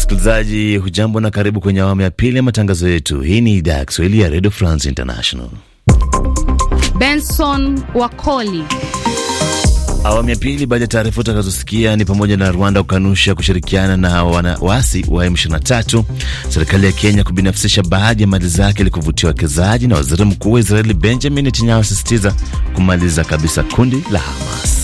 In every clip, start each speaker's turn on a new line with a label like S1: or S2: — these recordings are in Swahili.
S1: Msikilizaji hujambo na karibu kwenye awamu ya pili ya matangazo yetu. Hii ni idhaa ya Kiswahili ya Radio France International.
S2: Benson Wakoli.
S1: Awamu ya pili, baada ya taarifa utakazosikia ni pamoja na Rwanda kukanusha kushirikiana na wanawasi wa M23, serikali ya Kenya kubinafsisha baadhi ya mali zake ili kuvutia wawekezaji, na waziri mkuu wa Israeli Benjamin Netanyahu asisitiza kumaliza kabisa kundi la Hamas.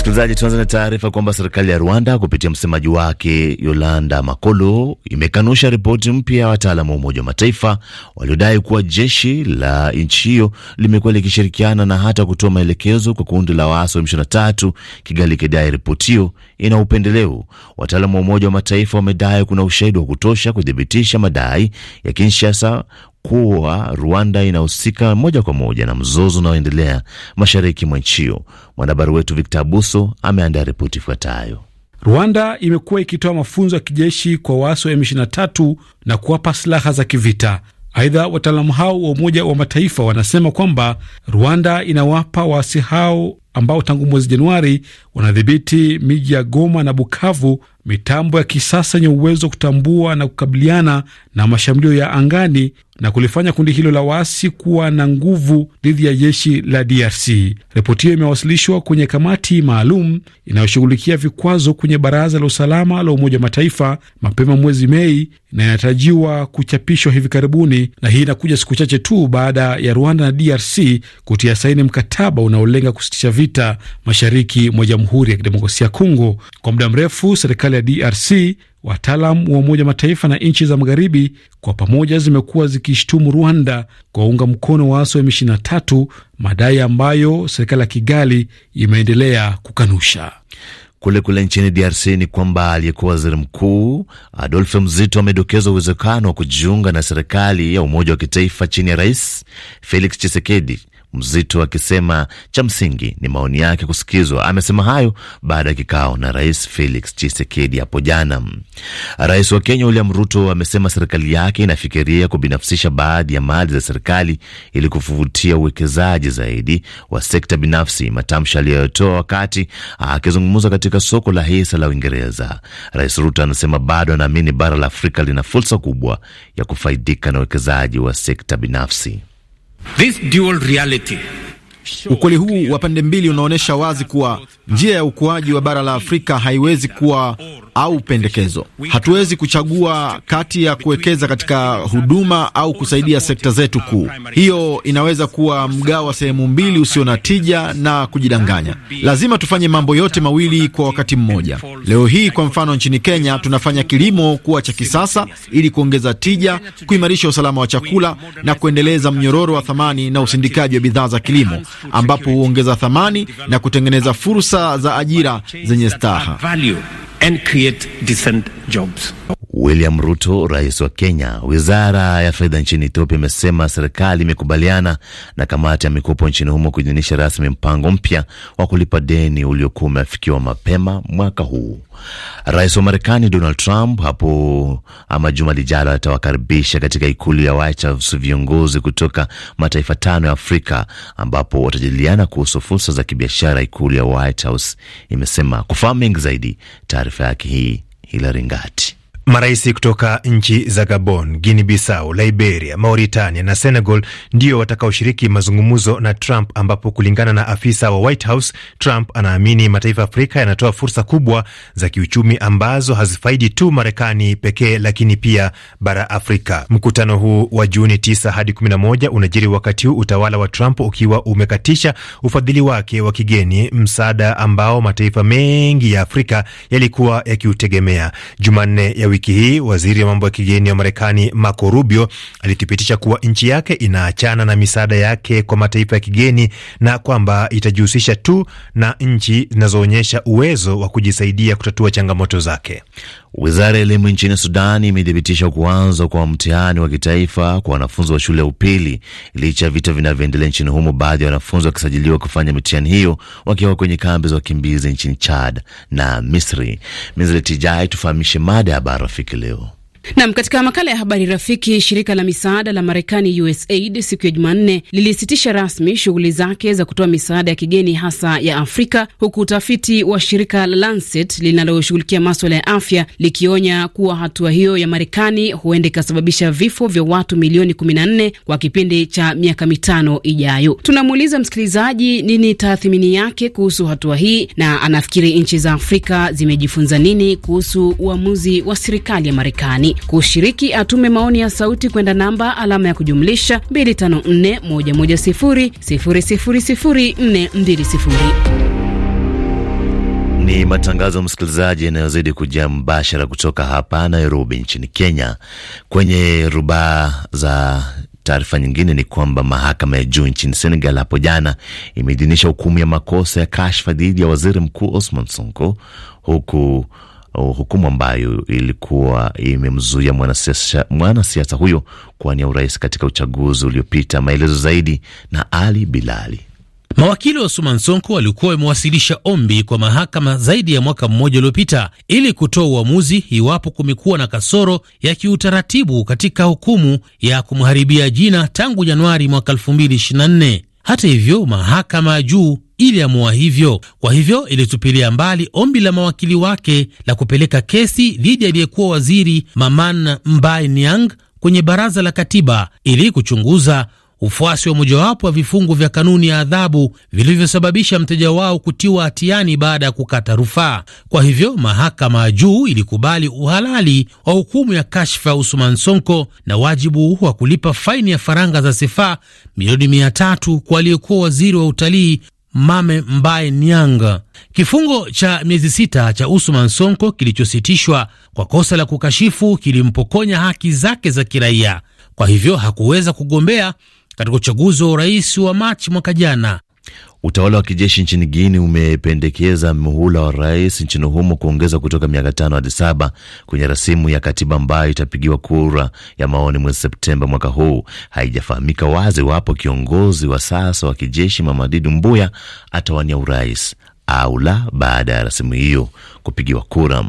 S1: Msikilizaji, tunaanza na taarifa kwamba serikali ya Rwanda kupitia msemaji wake Yolanda Makolo imekanusha ripoti mpya ya wataalamu wa Umoja wa Mataifa waliodai kuwa jeshi la nchi hiyo limekuwa likishirikiana na hata kutoa maelekezo kwa kundi la waasi wa M23, Kigali ikidai ripoti hiyo ina upendeleo. Wataalamu wa Umoja wa Mataifa wamedai kuna ushahidi wa kutosha kuthibitisha madai ya Kinshasa kuwa Rwanda inahusika moja kwa moja na mzozo unaoendelea mashariki mwa nchi hiyo. Mwanahabari wetu Victor Abuso ameandaa ripoti ifuatayo.
S2: Rwanda imekuwa ikitoa mafunzo ya kijeshi kwa waasi wa M23 na kuwapa silaha za kivita. Aidha, wataalamu hao wa Umoja wa Mataifa wanasema kwamba Rwanda inawapa waasi hao ambao tangu mwezi Januari wanadhibiti miji ya Goma na Bukavu, mitambo ya kisasa yenye uwezo wa kutambua na kukabiliana na mashambulio ya angani na kulifanya kundi hilo la waasi kuwa na nguvu dhidi ya jeshi la DRC. Ripoti hiyo imewasilishwa kwenye kamati maalum inayoshughulikia vikwazo kwenye Baraza la Usalama la Umoja wa Mataifa mapema mwezi Mei na inatarajiwa kuchapishwa hivi karibuni, na hii inakuja siku chache tu baada ya Rwanda na DRC kutia saini mkataba unaolenga kusitisha vita vita mashariki mwa Jamhuri ya Kidemokrasia ya Kongo. Kwa muda mrefu, serikali ya DRC, wataalam wa Umoja Mataifa na nchi za magharibi kwa pamoja zimekuwa zikishtumu Rwanda kwa unga mkono waasi wa M23,
S1: madai ambayo serikali ya Kigali imeendelea kukanusha. Kule kule nchini DRC ni kwamba aliyekuwa waziri mkuu adolfe Mzito amedokeza uwezekano wa kujiunga na serikali ya umoja wa kitaifa chini ya rais Felix chisekedi Mzito akisema cha msingi ni maoni yake kusikizwa. Amesema hayo baada ya kikao na Rais Felix Tshisekedi hapo jana. Rais wa Kenya William Ruto amesema serikali yake inafikiria kubinafsisha baadhi ya mali za serikali ili kuvutia uwekezaji zaidi wa sekta binafsi, matamshi aliyotoa wakati akizungumza katika soko la hisa la Uingereza. Rais Ruto anasema bado anaamini bara la Afrika lina fursa kubwa ya kufaidika na uwekezaji wa sekta binafsi.
S3: This dual reality.
S4: Ukweli huu wa pande mbili unaonyesha wazi kuwa njia ya ukuaji wa bara la Afrika haiwezi kuwa au pendekezo. Hatuwezi kuchagua kati ya kuwekeza katika huduma au kusaidia sekta zetu kuu. Hiyo inaweza kuwa mgao wa sehemu mbili usio na tija na kujidanganya. Lazima tufanye mambo yote mawili kwa wakati mmoja. Leo hii kwa mfano, nchini Kenya tunafanya kilimo kuwa cha kisasa ili kuongeza tija, kuimarisha usalama wa chakula na kuendeleza mnyororo wa thamani na usindikaji wa bidhaa za kilimo, ambapo huongeza thamani na kutengeneza fursa za ajira zenye staha.
S3: and create decent jobs.
S1: William Ruto, rais wa Kenya. Wizara ya fedha nchini Ethiopia imesema serikali imekubaliana na kamati ya mikopo nchini humo kuidhinisha rasmi mpango mpya wa kulipa deni uliokuwa umeafikiwa mapema mwaka huu. Rais wa Marekani Donald Trump hapo ama juma lijalo atawakaribisha katika ikulu ya White House viongozi kutoka mataifa tano ya Afrika, ambapo watajadiliana kuhusu fursa za kibiashara. Ikulu ya White House imesema. Kufahamu mengi zaidi, taarifa yake hii Hilary Ngati. Marais kutoka nchi za Gabon, Guinea Bissau, Liberia, Mauritania na Senegal ndio watakaoshiriki mazungumzo na Trump, ambapo kulingana na afisa wa White House, Trump anaamini mataifa Afrika yanatoa fursa kubwa za kiuchumi ambazo hazifaidi tu Marekani pekee, lakini pia bara Afrika. Mkutano huu wa Juni 9 hadi 11 unajiri wakati huu utawala wa Trump ukiwa umekatisha ufadhili wake wa kigeni, msaada ambao mataifa mengi ya Afrika yalikuwa yakiutegemea. Jumanne ya wiki wiki hii waziri wa mambo ya kigeni wa Marekani Marco Rubio alithibitisha kuwa nchi yake inaachana na misaada yake kwa mataifa ya kigeni na kwamba itajihusisha tu na nchi zinazoonyesha uwezo wa kujisaidia kutatua changamoto zake. Wizara ya elimu nchini Sudan imethibitisha kuanza kwa mtihani wa kitaifa kwa wanafunzi wa shule ya upili licha ya vita vinavyoendelea nchini humo, baadhi ya wanafunzi wakisajiliwa kufanya mitihani hiyo wakiwa kwenye kambi za wakimbizi nchini Chad na Misri. Mizletijai, tufahamishe mada ya habari rafiki leo.
S2: Nam, katika makala ya habari rafiki, shirika la misaada la Marekani USAID siku ya Jumanne lilisitisha rasmi shughuli zake za kutoa misaada ya kigeni hasa ya Afrika, huku utafiti wa shirika la Lancet linaloshughulikia maswala ya afya likionya kuwa hatua hiyo ya Marekani huenda ikasababisha vifo vya watu milioni 14 kwa kipindi cha miaka mitano ijayo. Tunamuuliza msikilizaji nini tathmini yake kuhusu hatua hii na anafikiri nchi za Afrika zimejifunza nini kuhusu uamuzi wa serikali ya Marekani jamii. Kushiriki atume maoni ya sauti kwenda namba alama ya kujumlisha 254110000420.
S1: Ni matangazo msikilizaji, yanayozidi kujia mbashara kutoka hapa Nairobi nchini Kenya. Kwenye rubaa za taarifa nyingine ni kwamba mahakama ya juu nchini Senegal hapo jana imeidhinisha hukumu ya makosa ya kashfa dhidi ya waziri mkuu Osman Sonko huku uh, hukumu ambayo ilikuwa imemzuia mwanasiasa mwanasiasa huyo kuwania urais katika uchaguzi uliopita. Maelezo zaidi na Ali Bilali.
S3: Mawakili wa Suman Sonko walikuwa wamewasilisha ombi kwa mahakama zaidi ya mwaka mmoja uliopita ili kutoa uamuzi iwapo kumekuwa na kasoro ya kiutaratibu katika hukumu ya kumharibia jina tangu Januari mwaka 2024. Hata hivyo, mahakama ya juu iliamua hivyo. Kwa hivyo ilitupilia mbali ombi la mawakili wake la kupeleka kesi dhidi aliyekuwa waziri Maman Mbaye Niang kwenye baraza la katiba ili kuchunguza ufuasi wa mojawapo wa vifungu vya kanuni ya adhabu vilivyosababisha mteja wao kutiwa hatiani baada ya kukata rufaa. Kwa hivyo mahakama ya juu ilikubali uhalali wa hukumu ya kashfa Usman Sonko na wajibu wa kulipa faini ya faranga za sefa milioni mia tatu kwa aliyekuwa waziri wa utalii Mame Mbaye Nyanga. Kifungo cha miezi sita cha Usman Sonko kilichositishwa kwa kosa la kukashifu kilimpokonya haki zake za
S1: kiraia. Kwa hivyo hakuweza kugombea
S3: katika uchaguzi wa urais wa Machi mwaka
S1: jana. Utawala wa kijeshi nchini Guini umependekeza muhula wa rais nchini humo kuongeza kutoka miaka tano hadi saba kwenye rasimu ya katiba ambayo itapigiwa kura ya maoni mwezi Septemba mwaka huu. Haijafahamika wazi wapo kiongozi wa sasa wa kijeshi mamadidu Mbuya atawania urais au la baada ya rasimu hiyo kupigiwa kura.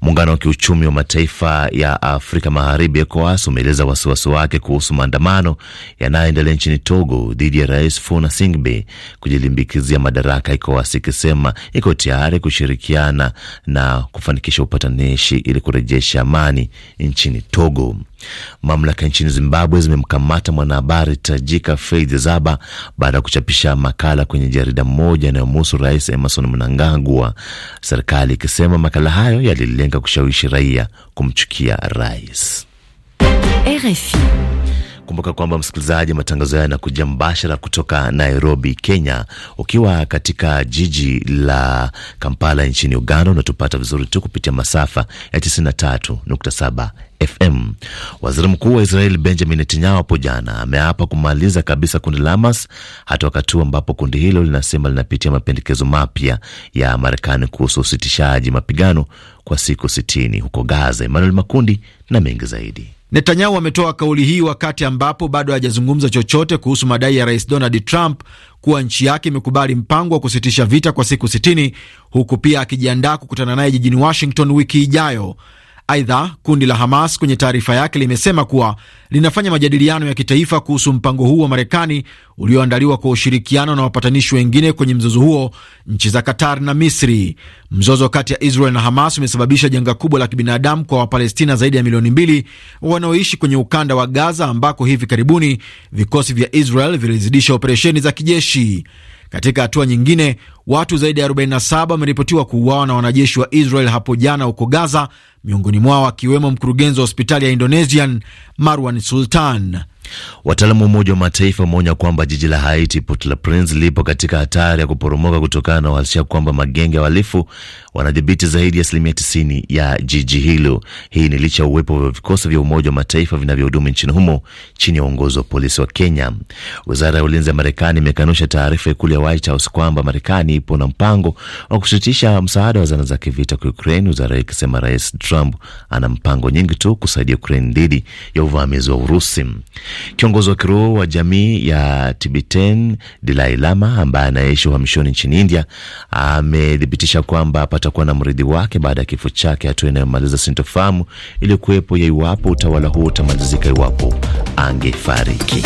S1: Muungano wa kiuchumi wa mataifa ya Afrika Magharibi, ECOWAS, umeeleza wasiwasi wake kuhusu maandamano yanayoendelea nchini Togo dhidi ya Rais Fona Singbe kujilimbikizia madaraka, ECOWAS ikisema iko tayari kushirikiana na kufanikisha upatanishi ili kurejesha amani nchini Togo. Mamlaka nchini Zimbabwe zimemkamata mwanahabari tajika Faith Zaba baada ya kuchapisha makala kwenye jarida moja inayomhusu Rais Emerson Mnangagwa. Serikali likisema makala hayo yalilenga kushawishi raia kumchukia rais. RFI. Kumbuka kwamba msikilizaji, matangazo haya yanakuja mbashara kutoka Nairobi, Kenya. Ukiwa katika jiji la Kampala nchini Uganda, unatupata vizuri tu kupitia masafa ya 93.7 FM. Waziri Mkuu wa Israeli Benjamin Netanyahu hapo jana ameapa kumaliza kabisa kundi la Hamas, hata wakati huu ambapo kundi hilo linasema linapitia mapendekezo mapya ya Marekani kuhusu usitishaji mapigano kwa siku sitini huko Gaza. Emmanuel Makundi na mengi zaidi. Netanyahu
S4: ametoa kauli hii wakati ambapo bado hajazungumza chochote kuhusu madai ya rais Donald Trump kuwa nchi yake imekubali mpango wa kusitisha vita kwa siku 60 huku pia akijiandaa kukutana naye jijini Washington wiki ijayo. Aidha, kundi la Hamas kwenye taarifa yake limesema kuwa linafanya majadiliano ya kitaifa kuhusu mpango huu wa Marekani ulioandaliwa kwa ushirikiano na wapatanishi wengine kwenye mzozo huo, nchi za Qatar na Misri. Mzozo kati ya Israel na Hamas umesababisha janga kubwa la kibinadamu kwa Wapalestina zaidi ya milioni mbili wanaoishi kwenye ukanda wa Gaza, ambako hivi karibuni vikosi vya Israel vilizidisha operesheni za kijeshi. Katika hatua nyingine, watu zaidi ya 47 wameripotiwa kuuawa na wanajeshi wa Israel hapo jana huko Gaza, miongoni mwao akiwemo mkurugenzi wa hospitali ya Indonesian Marwan Sultan.
S1: Wataalamu wa Umoja wa Mataifa wameonya kwamba jiji la Haiti Port au Prince lipo katika hatari ya kuporomoka kutokana na uhalisia kwamba magenge ya wahalifu wanadhibiti zaidi ya asilimia 90 ya jiji hilo. Hii ni licha ya uwepo wa vikosi vya Umoja wa Mataifa vinavyohudumu nchini humo chini ya uongozi wa polisi wa Kenya. Wizara ya ulinzi ya Marekani imekanusha taarifa ikulu ya White House kwamba Marekani ipo na mpango wa kushutisha msaada wa zana za kivita kwa Ukraine, wizara ikisema Rais Trump ana mpango nyingi tu kusaidia Ukraine dhidi ya uvamizi wa Urusi. Kiongozi wa kiroho wa jamii ya Tibeten Dalai Lama ambaye anaishi uhamishoni nchini India amethibitisha kwamba patakuwa na mrithi wake baada ya kifo chake, hatua inayomaliza sintofahamu iliyokuwepo ya iwapo utawala huo utamalizika iwapo angefariki.